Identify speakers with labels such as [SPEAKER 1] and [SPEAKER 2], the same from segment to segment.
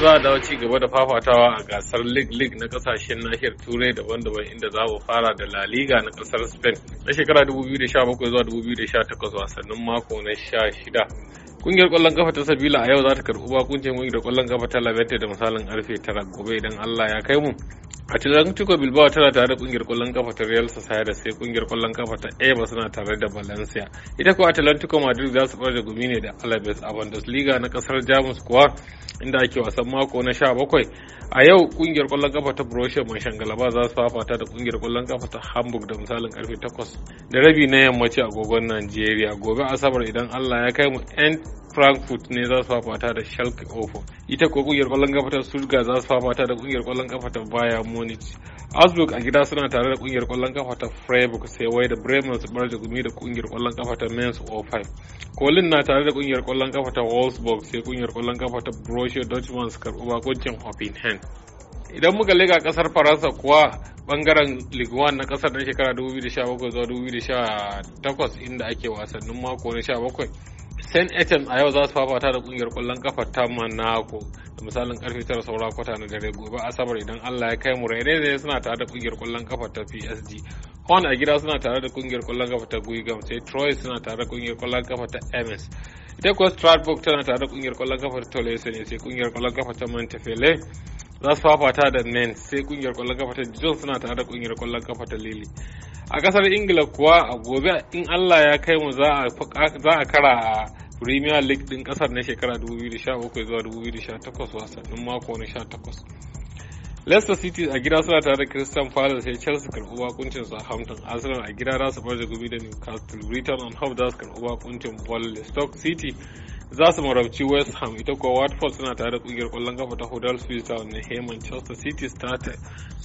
[SPEAKER 1] za a dawo ci gaba da fafatawa a gasar league league na kasashen nahiyar turai daban-daban inda za mu fara da la liga na kasar spain na shekara 2017 zuwa 2018 wasannin mako na 16 kungiyar kwallon kafa ta sabila a yau za ta karɓi bakuncin da kwallon kafa ta labente da misalin arfe tara gobe idan allah ya kai mu Atletico Bilbao tana tare da kungiyar kwallon kafa ta Real Sociedad sai kungiyar kwallon kafa ta Eba suna tare da Valencia. Ita kuwa atlantico Madrid za su fara da gumi ne da Alaves a Bundesliga na kasar Jamus kuwa inda ake wasan mako na 17. A yau kungiyar kwallon kafa ta Borussia Mönchengladbach za su fafata da kungiyar kwallon kafa ta Hamburg da misalin karfe 8 da rabi na yammaci a agogon Najeriya. Gobe Asabar idan Allah ya kai mu frankfurt ne za su fafata da schalke 04 ita ko kungiyar kwallon kafa ta stuttgart za su fafata da kungiyar kwallon kafa ta bayern munich Augsburg a gida suna tare da kungiyar kwallon kafa ta Freiburg sai wai da Bremen su bar da gumi da kungiyar kwallon kafa ta Mainz 05. Kolin na tare da kungiyar kwallon kafa ta Wolfsburg sai kungiyar kwallon kafa ta Borussia Dortmund su karɓi bakuncin Hoffenheim. Idan muka lega kasar Faransa kuwa bangaren Ligue 1 na kasar na shekara 2017 zuwa 2018 inda ake wasannin mako na 17 St. Etienne a yau za su fafata da kungiyar kwallon kafa ta manako da misalin karfe tara saura kwata na dare gobe Asabar idan Allah ya kai mu Rennes suna tare da kungiyar kwallon kafa ta PSG. Horn a gida suna tare da kungiyar kwallon kafa ta Guigam sai Troy suna tare da kungiyar kwallon kafa ta ms Ita kuwa Strasbourg tana tare da kungiyar kwallon kafa ta Tolese ne sai kungiyar kwallon kafa ta Montefiore za su fafata da Nantes sai kungiyar kwallon kafa ta Dijon suna tare da kungiyar kwallon kafa ta Lili. a kasar ingila kuwa a gobe in allah ya kai mu za a kara a premier league din kasar na shekara 2017 zuwa 2018 wasannin mako na 18 leicester city a gida suna tare da christian palace sai chelsea karɓi bakuncin southampton arsenal a gida za su bar da gumi da newcastle britain on hope za su karɓi bakuncin ball stoke city za su marabci west ham ita kuwa watford suna tare da kungiyar kwallon kafa ta huddersfield town na manchester city ta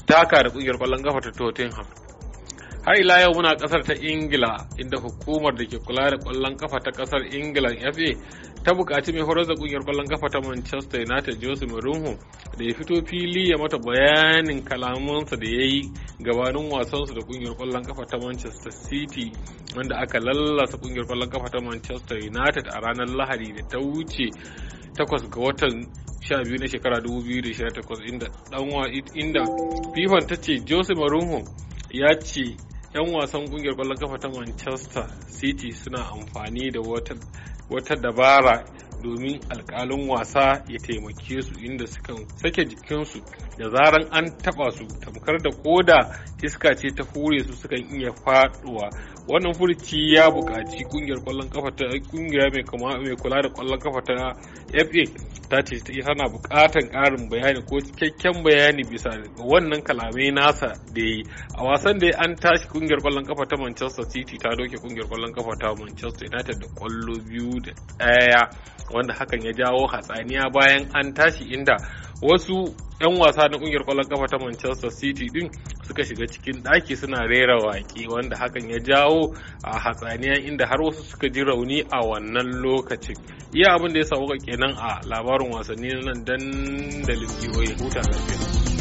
[SPEAKER 1] taka da kungiyar kwallon kafa ta tottenham har ila yau muna kasar ta ingila inda hukumar da ke kula da kwallon kafa ta kasar ingila fa ta bukaci mai horar da kungiyar kwallon kafa ta manchester united jose mourinho da ya fito fili ya mata bayanin kalamansa da ya yi gabanin wasansu da kungiyar kwallon kafa ta manchester city wanda aka lallasa kungiyar kwallon kafa ta manchester united a ranar lahadi da ta wuce takwas ga watan sha biyu na shekara 2018 inda fifan ta ce jose mourinho ya ce 'yan wasan kungiyar kwallon kafa ta manchester city suna amfani da wata dabara domin alkalin wasa ya taimake su inda sukan sake jikinsu da zaran an taba su tamkar da koda iska ce ta hure su sukan iya faduwa wannan furuci ya buƙaci kungiyar kwallon kafa ta kungiya mai kama mai kula da kwallon kafa ta FA ta ce ta tana buƙatar ƙarin bayani ko cikakken bayani bisa ga wannan kalamai nasa da yi a wasan da an tashi kungiyar kwallon kafa ta Manchester City ta doke kungiyar kwallon kafa ta Manchester United da kwallo biyu da ɗaya wanda hakan ya jawo hatsaniya bayan an tashi inda wasu 'yan wasa na kungiyar kwallon kafa ta Manchester City din suka shiga cikin ɗaki suna rera waƙe wanda hakan ya jawo a hatsaniya inda har wasu suka ji rauni a wannan lokacin. Iya abin da ya samu kenan a labarin wasanni nan dandalin biyoyi huta lafiya.